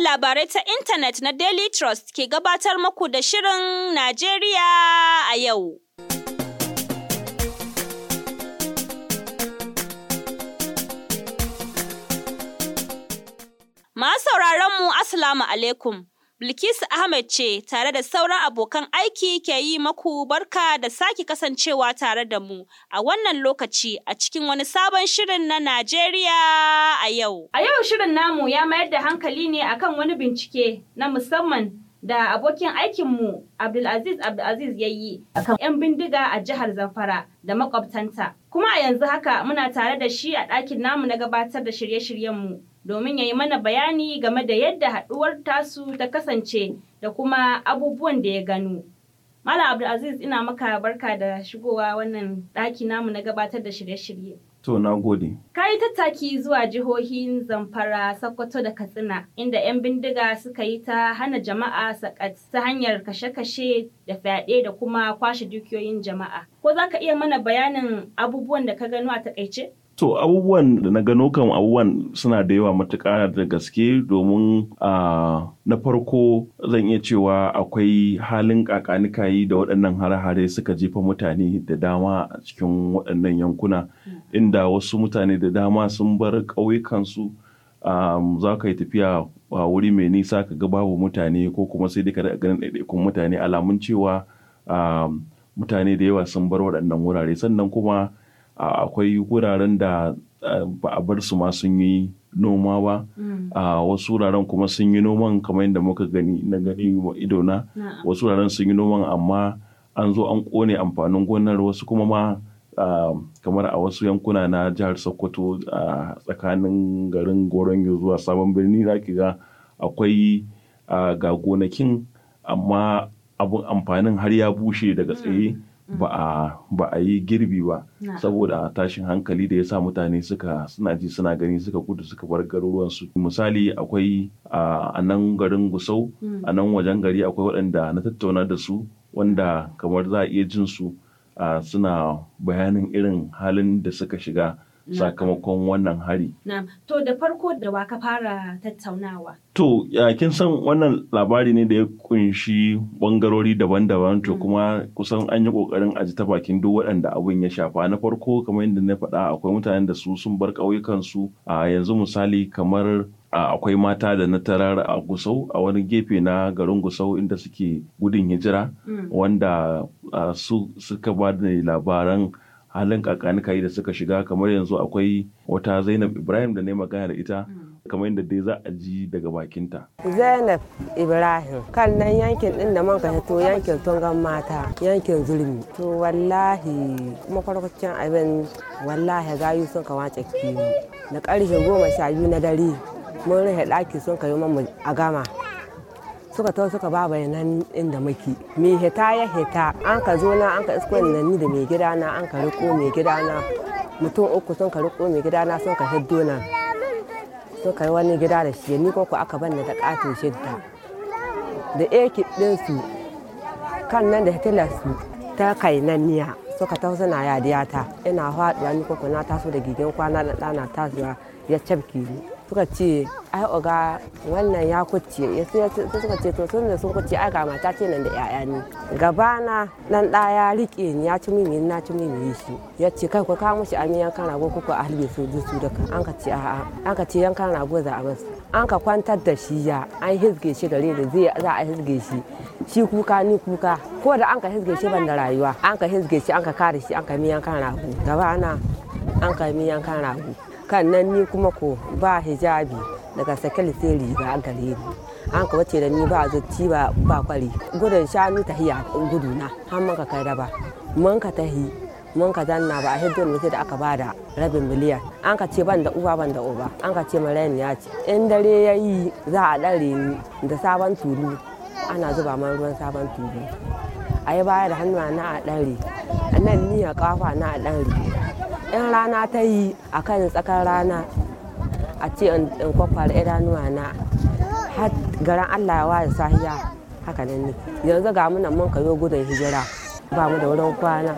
Sashen labarai ta intanet na Daily Trust ke gabatar muku da Shirin Najeriya a yau. Masu sauraron mu Assalamu alaikum. Bilkisu Ahmed ce tare da sauran abokan aiki ke yi maku barka da sake kasancewa tare da mu a wannan lokaci a cikin wani sabon shirin na Najeriya a yau. A yau shirin namu ya mayar da hankali ne akan wani bincike na musamman da abokin aikinmu Abdulaziz Abdulaziz ya yi akan 'yan bindiga a jihar Zamfara da makwabtanta. Kuma a yanzu haka muna tare da shi a ɗakin namu na gabatar da shirye-shiryenmu. domin ya yi mana bayani game da yadda haɗuwar tasu ta kasance da kuma abubuwan da ya gano. Malam Abdulaziz ina maka barka da shigowa wannan ɗaki namu na gabatar da shirye-shirye. To na gode. Ka yi tattaki zuwa jihohin Zamfara, Sokoto da Katsina inda 'yan bindiga suka yi ta hana jama'a sakat ta hanyar kashe-kashe da fyaɗe da kuma kwashe dukiyoyin jama'a. Ko za ka iya mana bayanin abubuwan da ka gano a takaice? so abubuwan da na gano kan abubuwan suna da yawa matuƙa da gaske domin a na farko zan iya cewa akwai halin yi da waɗannan hare-hare suka jefa mutane da dama a cikin waɗannan yankuna hmm. inda wasu mutane da dama sun bar ƙauyukansu za ka yi tafiya a wuri mai nisa ka ga babu mutane ko kuma sai dai ka ganin ɗaiɗaikun mutane alamun cewa mutane da yawa sun bar waɗannan wurare sannan kuma akwai wuraren da ba a bar su ma sun yi noma ba mm. a wasu wuraren kuma sun yi noman kamar yadda muka gani na gani wa idona wasu wuraren sun yi noman amma an zo an kone amfanin gonar wasu kuma ma kamar a wasu yankuna na jihar sokoto a tsakanin garin goronyo zuwa sabon birni za ki ga akwai ga gonakin amma abin amfanin har ya bushe daga mm. tsaye ba a ba a yi girbi ba saboda tashin hankali da ya sa mutane suka suna ji suna gani suka gudu suka bar garuruwansu misali akwai a nan garin gusau hmm. a nan wajen gari akwai waɗanda na tattauna da su wanda kamar za a iya jin su suna bayanin irin halin da suka shiga sakamakon wannan hari. To da farko da wa ka fara tattaunawa? To kin san wannan labari ne da ya kunshi bangarori daban-daban to mm. kuma kusan an yi kokarin aji ta bakin duk waɗanda abin ya shafa na farko kamar yadda na faɗa akwai mutanen da su sun bar ƙauyukansu a yanzu misali kamar a akwai mata da na tarar a gusau a wani gefe na garin gusau inda suke gudun hijira mm. wanda su suka ba da labaran halin kakanikayi da suka shiga kamar yanzu akwai wata zainab ibrahim da ne magana da ita kamar yadda dai za a ji daga bakinta. zainab ibrahim kan nan yankin din da man ka to yankin tungan mata yankin zulmi to wallahi kuma makwarkwacin abin wallahi gayu sun kawace kiwo na ƙarshe goma sha biyu na dare mun rufe ɗaki sun kayi mamu a gama suka tawo suka ba bayanan inda muke me hita ya hita an ka zo na an ka isko da ni da mai gida na an ka riko mai gida na mutum uku sun ka riko mai gida na sun ka hiddo na sun ka yi wani gida da shi ni ko aka ban da katin shidda da eki ɗinsu kan nan da su ta kai nan niya suka taho suna ta ina faɗuwa ni ko na taso da gigin kwana da ɗana tasowa ya cafke ni suka ce ai oga wannan ya kuce ya suka ce to sun da sun kuce ai ga mata ce nan da yaya ne gabana nan da ya rike ni ya ci mini na ci mini shi ya ce kai ku kawo mushi ami kan rago kuka a halbe su dusu kan an ka ce a'a an ka ce kan rago za a masu an ka kwantar da shi ya an hizge shi gare da zai za a hizge shi shi kuka ni kuka ko da an ka hizge shi ban da rayuwa an ka hizge shi an ka kare shi an ka miyan kan rago gabana an ka miyan kan rago kan nan ni kuma ko ba hijabi daga sakali sai riga gare ni an ka wace da ni ba zotti ba ba kwari gudun shanu gudu na har mun kai raba mun ka tahi mun ka zanna ba a hiddo ne da aka bada rabin miliyan an ka ce ban da uba ban da uba an ka ce marayan ya ce in dare ya yi za a ɗare ni da sabon tulu ana zuba man ruwan sabon tulu a yi baya da hannu na a ɗare nan ni a kafa na a ɗare in rana ta yi a kan tsakar rana a ce in kwakwara idanuwa na har allah ya ware sahiya haka nan ne yanzu ga munan mun kayo gudun hijira ba mu da wurin kwana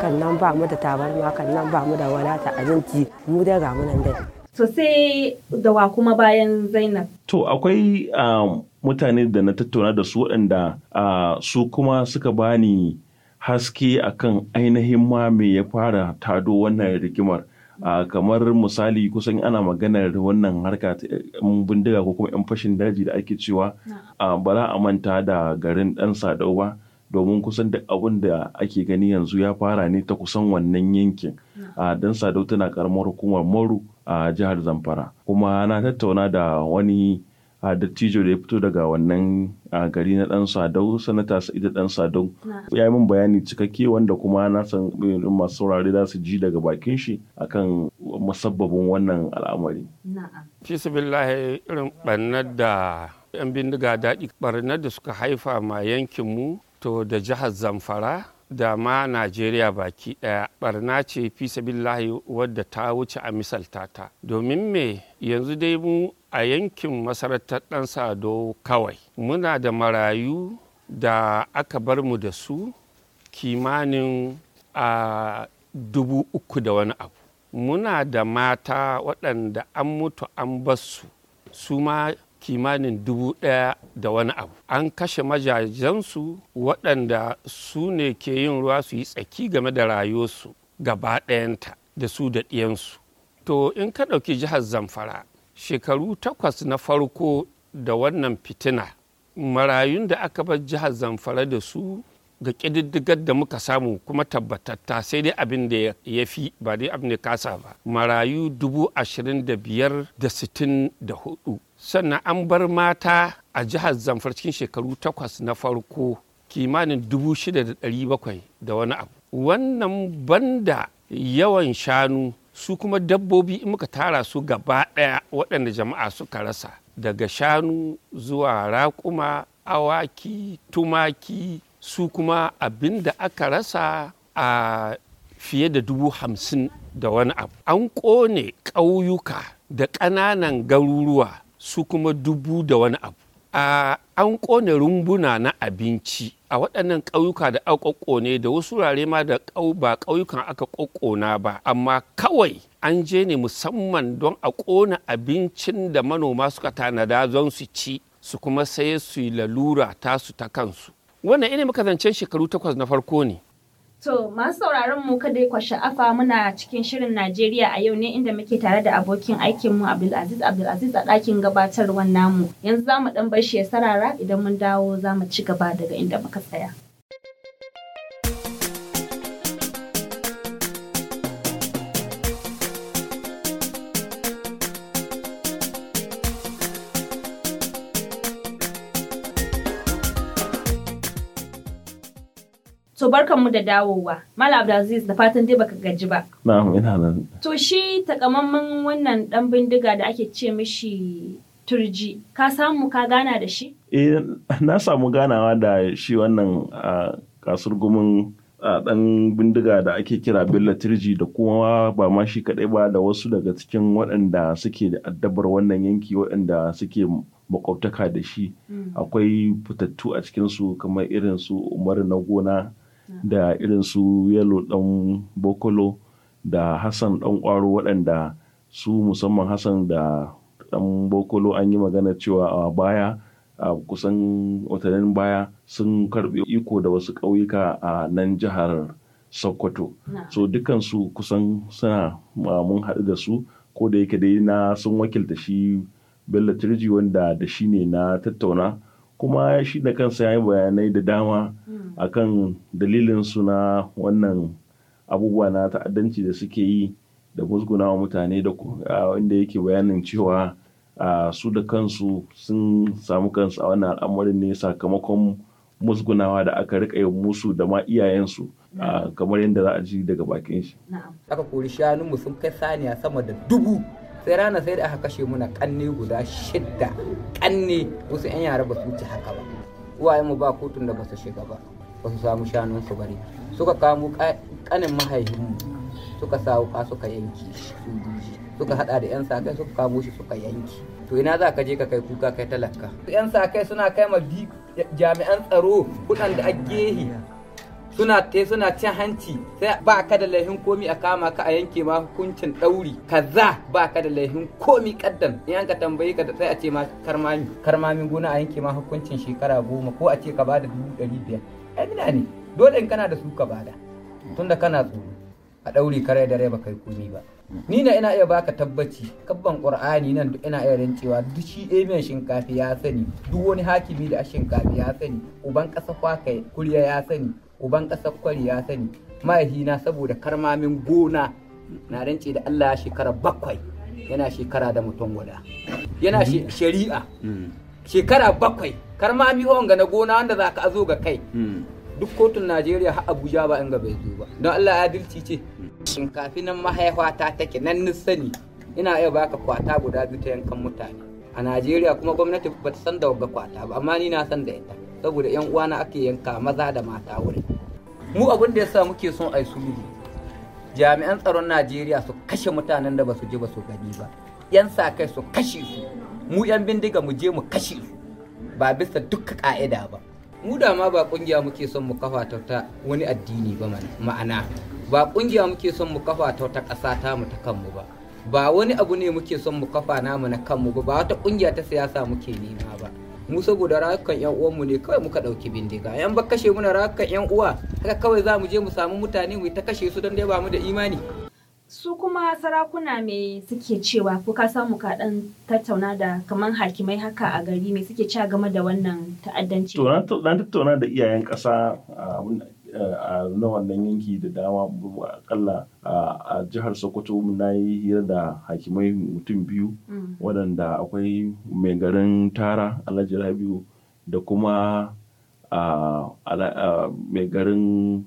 kan nan ba mu da tabarma kan nan ba mu da wadata abinci mu dai ga munan dai to sai da wa kuma bayan zainab to akwai ah, mutane da na tattauna da su waɗanda ah, su kuma suka bani haske akan ainihin ma me ya fara tado wannan rigimar a kamar misali kusan ana maganar wannan harka eh, bindiga ko kuma 'yan fashin daji da ake cewa a ba za a manta da garin dan sadau ba domin kusan duk abin da ake gani yanzu ya fara ne ta kusan wannan yankin a dan sadau tana karamar hukumar moru a jihar zamfara kuma na tattauna da wani a dattijo da ya fito daga wannan gari na dan sadau sanata sa'ida dan sadau ya yi min bayani cikakke wanda kuma na san masu saurare za su ji daga bakin shi akan masabbabin wannan al'amari fi sabillahi irin barnar da yan bindiga daɗi barnar da suka haifa ma yankin mu to da jihar zamfara da ma Najeriya baki ɗaya barna ce fi wadda ta wuce a misaltata. Domin me yanzu dai mu a yankin masarautar ɗan sado kawai muna da marayu da aka bar mu da su kimanin a dubu uku da wani abu muna da mata waɗanda an mutu an basu su ma kimanin dubu ɗaya da wani abu an kashe majajensu waɗanda su ne ke yin ruwa su yi tsaki game da rayuwarsu gaba ɗayanta da su da ɗiyansu to in ka ɗauki jihar zamfara shekaru takwas na farko da wannan fitina marayun da aka bar jihar zamfara da su ga ƙididdigar da muka samu kuma tabbatatta sai dai abin da ya fi ba dai abin da kasa ba marayu dubu ashirin da biyar da sittin da hudu sannan an bar mata a jihar zamfara cikin shekaru takwas na farko kimanin dubu shida da ɗari bakwai da wani abu wannan banda yawan shanu su kuma dabbobi in muka tara su gaba ɗaya waɗanda jama'a suka rasa daga shanu zuwa raƙuma awaki tumaki su kuma abin da aka rasa a fiye da dubu hamsin da wani abu an ƙone ƙauyuka da ƙananan garuruwa su kuma dubu da wani abu an ƙone rumbuna na abinci a waɗannan ƙauyuka da aka ne da wasu wurare ma da ƙau ba ƙauyukan aka ƙoƙona ba amma kawai an je ne musamman don a ƙona abincin da manoma suka tanada don su ci su kuma saye su yi lalura tasu ta kansu wannan ina muka zancen shekaru takwas na farko ne To masu sauraron mu kada kwashe sha'afa muna cikin shirin Najeriya a yau ne inda muke tare da abokin aikin mu Abdulaziz Abdulaziz a ɗakin gabatarwan namu. Yanzu za mu ɗan bar shi ya sarara idan mun dawo za mu ci gaba daga inda muka tsaya. To mu da dawowa. Malam Abdulaziz da fatan dai baka gaji ba. Na'am ina nan. To shi takamamman wannan dan bindiga da ake ce mishi turji ka samu ka gana da shi? Eh na samu ganawa da shi wannan kasur gumin dan bindiga da ake kira Bello Turji da kuma ba ma shi kaɗai ba da wasu daga cikin waɗanda suke da addabar wannan yanki waɗanda suke makwabtaka da shi mm. akwai fitattu a cikin su kamar irin su Umar na gona da irin su yalo dan bokolo da hassan dan kwaro waɗanda su musamman hassan da dan bokolo an yi magana cewa a baya a kusan watannin baya sun karɓi iko da wasu ƙauyuka a nan jihar sokoto so dukansu kusan suna mun haɗu da su ko da yake dai na sun wakilta shi bello turji wanda da shi ne na tattauna kuma shi da kansa ya yi bayanai da dama hmm. a kan dalilinsu na wannan abubuwa na ta'addanci da suke yi da musgunawa mutane da wanda yake bayanin cewa su da kansu sun samu kansu a wannan al'amarin ne sakamakon musgunawa da aka rika yi musu da ma iyayensu hmm. kamar yadda za a ji daga bakin shi. Aka kori shanunmu sun kai saniya sama da dubu sai rana sai da aka kashe muna kanne guda shidda kanne wasu 'yan yara ba su wuce haka ba uwaye mu ba kotun da ba su shiga ba ba su samu shanun su bari suka kamo kanin mahaifinmu suka sa suka yanki suka hada da 'yan sakai suka kamo shi suka yanki to ina za ka je ka kai kuka kai talaka 'yan sakai suna kai ma jami'an tsaro kudan da a gehe suna te suna cin hanci sai ba ka da laifin komi a kama ka a yanke ma hukuncin ɗauri kaza ba ka da laifin komi kaddam in an ka tambayi ka sai a ce ma karmami karmamin gona a yanke ma hukuncin shekara goma ko a ce ka bada dubu ɗari biyar mina ne dole in kana da su ka bada tunda kana tsoro a ɗauri karai da rai ba kai komi ba ni na ina iya baka tabbaci kabban qur'ani nan duk ina iya rancewa duk shi emiyan shinkafi ya sani duk wani hakimi da a shinkafi ya sani uban ƙasa kwakai kurya ya sani uban ƙasar kwari ya sani mahaifina saboda karmamin gona na rance da Allah ya shekara bakwai yana shekara da mutum guda yana mm-hmm. shari'a mm. shekara bakwai karmami wanga na gona wanda za ka azo ga kai mm. duk kotun Najeriya har Abuja ba in ga bai zo ba don Allah ya ce mm. shinkafinan nan mahaifa ta take nan ni sani ina iya baka kwata guda biyu ta yankan mutane a Najeriya kuma gwamnati ba ta san da ga kwata ba amma ni na san da ita saboda yan uwana ake yanka maza da mata wuri mu abin da yasa muke son ai sulhu jami'an tsaron Najeriya su kashe mutanen da basu je basu gani ba yan sa kai su kashe su mu yan bindiga mu je mu kashe su ba bisa dukkan ka'ida ba mu da ma ba kungiya muke son mu kafa ta wani addini ba ma'ana ba kungiya muke son mu kafa ta wata ta mu ta kanmu ba ba wani abu ne muke son mu kafa namu na kanmu ba ba wata kungiya ta siyasa muke nema ba mu saboda rayukan yan uwanmu ne kawai muka ɗauki bindiga yan ba kashe muna rayukan yan uwa haka kawai za mu je mu samu mutane mu ta kashe su don dai ba mu da imani su kuma sarakuna me suke cewa ko ka samu ka dan tattauna da kaman hakimai haka a gari me suke cewa game da wannan ta'addanci to na tattauna da iyayen ƙasa A na wannan yanki da dama akalla a jihar sokoto na yi hira da hakimai mutum biyu mm. waɗanda akwai mai garin tara alhaji rabiu da kuma mai garin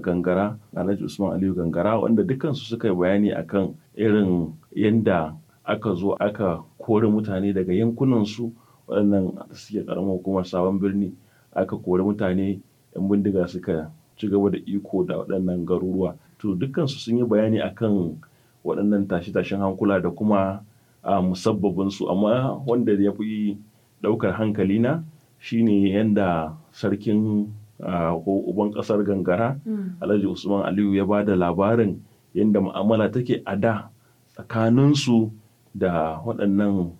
gangara alhaji usman aliyu gangara wanda dukansu suka yi bayani akan irin yadda aka zo aka kori mutane daga yankunansu waɗannan suke ƙaramar hukumar sabon birni aka kori mutane 'yan bindiga suka ci gaba da iko da waɗannan garuruwa to dukkansu sun yi bayani akan waɗannan tashe-tashen hankula da kuma a musabbabinsu amma wanda ya fi ɗaukar hankali na shine yadda sarkin ko uban ƙasar gangara mm. alhaji usman aliyu ya ba da labarin yadda mu'amala take a da tsakaninsu da waɗannan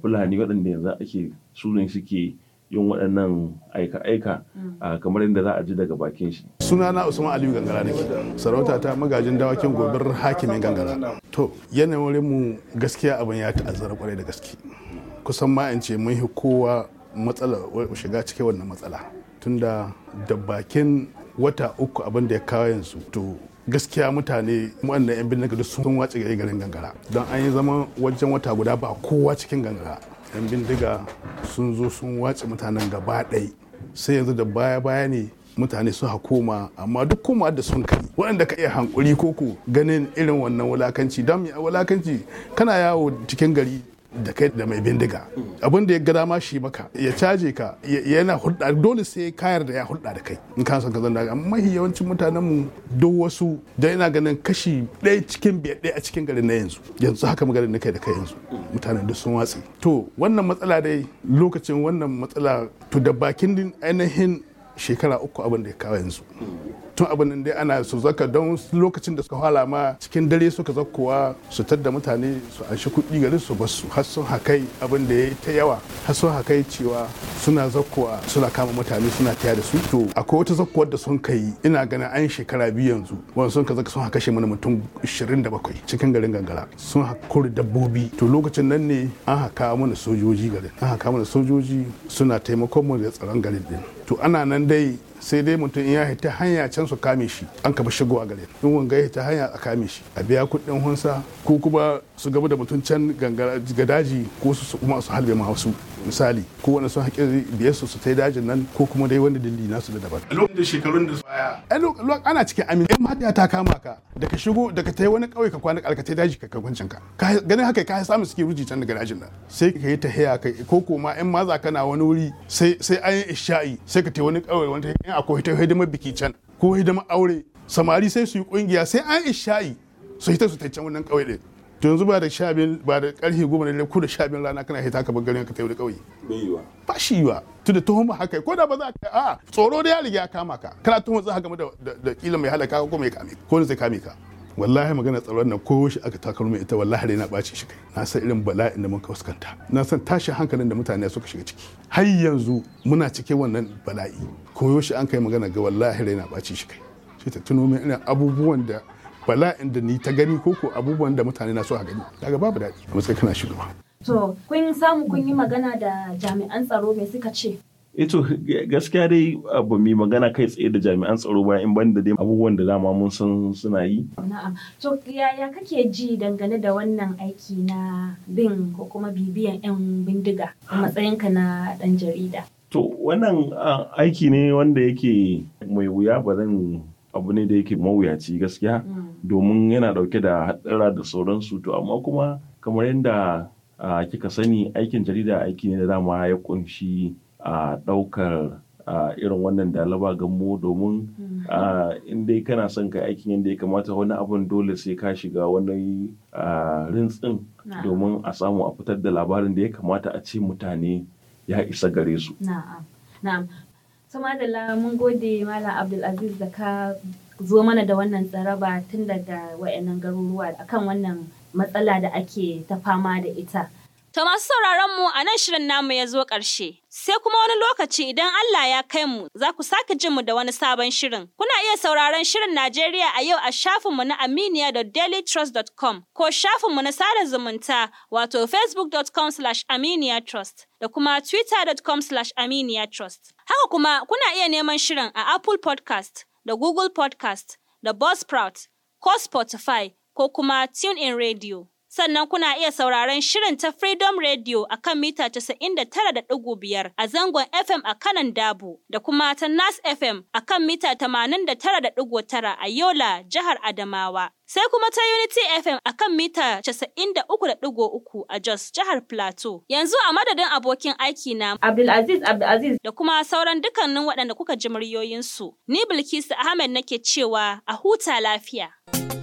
fulani waɗanda yanzu ake su suke yin waɗannan aika-aika mm. kamar yadda za a ji daga bakin shi. Sunana Usman Aliyu Gangara ne, sarauta ta magajin dawakin gobir hakimin Gangara. To, yanayin mu gaskiya abin ya ta'azzara kwarai da gaske. Kusan ma in ce mun kowa matsala shiga cikin wannan matsala. Tunda da bakin wata uku abin da ya kawo yanzu to gaskiya mutane waɗanda 'yan bindiga duk sun wace garin gangara don an yi zama wajen wata guda ba kowa cikin gangara 'yan bindiga sun zo sun watse mutanen gaba ɗai sai yanzu da baya baya ne mutane su hakoma amma duk koma da sun kai waɗanda ka iya hankuri koko ganin irin wannan wulakanci don wulakanci kana yawo cikin gari da kai da mai bindiga abin da ya ga dama shi maka ya caje ka yana hulɗa dole sai kayar da ya hulɗa da kai in ka san ka zan daga mahi yawancin mutanen mu duk wasu da yana ganin kashi ɗaya cikin biyar ɗaya a cikin garin na yanzu yanzu haka maganin na kai da kai yanzu mutanen duk sun watsi to wannan matsala dai lokacin wannan matsala to da bakin ainihin shekara uku abin da ya kawo yanzu tun abin nan dai ana su zaka don lokacin da suka hala ma cikin dare suka zakkowa su tadda mutane su anshi kuɗi gari su basu har sun hakai abin da ya ta yawa har sun hakai cewa suna zakkowa suna kama mutane suna taya da su to akwai wata zakkowar da sun kai ina ganin an shekara biyu yanzu wani sun ka zaka sun hakashe mana mutum 27 cikin garin gangara sun hakuri dabbobi to lokacin nan ne an haka mana sojoji garin an haka mana sojoji suna taimakon mu da tsaron garin din to ana nan dai sai dai mutum ya hita hanya can su kame shi an kafa shigo a gare in wanga ya hita hanya a kame shi a biya kuɗin hunsa ko kuma su gaba da mutum can gadaji ko su kuma su halbe ma wasu misali ko wanda sun haƙi biyar su su ta dajin nan ko kuma dai wani dalili nasu da daban a lokacin da shekarun da baya a lokacin ana cikin amin in mahadiya ta kama ka daga shigo daga ta yi wani ƙauye ka kwana yi daji ka kwancin ka ganin haka ka samu suke ruji can daga dajin nan sai ka yi ta ka kai ko ma in maza kana wani wuri sai sai an yi isha'i sai ka ta yi wani ƙauye yi. in akwai ta hidimar biki can ko hidimar aure samari sai su yi kungiya sai an isha'i su ta su ta can wannan ƙauye ɗin to yanzu ba da shabin ba da karfe goma da ko da shabin rana kana hita ka garin ka tayi da kauye ba shi yiwa to da tuhuma haka ko da ba za ka a tsoro da ya riga ya kama ka kana tuhuma za ka game da da kila mai halaka ko mai kame ko zai kame ka wallahi magana tsaron nan ko shi aka takar mai ita wallahi dai na ɓaci shi kai na san irin bala'in da muka fuskanta na san tashin hankalin da mutane suka shiga ciki har yanzu muna cikin wannan bala'i ko shi an kai magana ga wallahi dai na ɓaci shi kai shi ta tuno mai irin abubuwan da bala'in da ni ta gani ko ko abubuwan da mutane na so a gani daga babu daɗi a matsayin kana shugaba. To kun samu kun yi magana da jami'an tsaro me suka ce? Ito eh gaskiya dai abu mai magana kai tsaye da jami'an tsaro ba in banda dai abubuwan da dama mun san suna yi. Na'am. To yaya kake ji dangane da wannan aiki na bin ko kuma bibiyan 'yan bindiga a matsayinka na dan jarida? To wannan ah, aiki ne wanda yake mai wuya ba zan abu ne da yake mawuyaci gaskiya mm. domin yana dauke da haɗara da sauransu to amma kuma kamar yadda kika sani aikin jarida aiki ne da dama ya kunshi a ɗaukar irin wannan dalaba gammo domin mm. in dai kana son ka aikin yadda ya kamata wani abun dole sai ka shiga wani rintsin domin a samu a fitar da labarin da ya kamata a ce mutane ya isa gare su. su da mun gode malam abdulaziz da ka zo mana da wannan tsaraba tun daga wayannan garuruwa akan wannan matsala da ake ta fama da ita To masu sauraron mu a nan shirin namu ya zo ƙarshe. Sai kuma wani lokaci idan Allah ya kai mu za ku sake jin mu da wani sabon shirin. Kuna iya sauraron shirin Najeriya a yau a shafinmu na aminiya.dailytrust.com ko shafinmu na sada zumunta wato facebookcom aminiyatrust da kuma twittercom trust Haka kuma kuna iya neman shirin a Apple podcast da Google podcast da Buzzsprout ko Spotify ko kuma TuneIn Radio. sannan kuna iya sauraron shirin ta Freedom Radio a kan mita 99.5 a zangon FM a kanan Dabo da kuma ta Nas FM a kan mita 89.9 a Yola, jihar Adamawa. Sai kuma ta Unity FM a kan mita 93.3 a Jos, jihar Plateau. Yanzu a madadin abokin aiki na Abdulaziz Abdulaziz da kuma sauran dukkanin waɗanda kuka ji muryoyinsu. Ni Bilkisu Ahmed nake cewa a huta lafiya.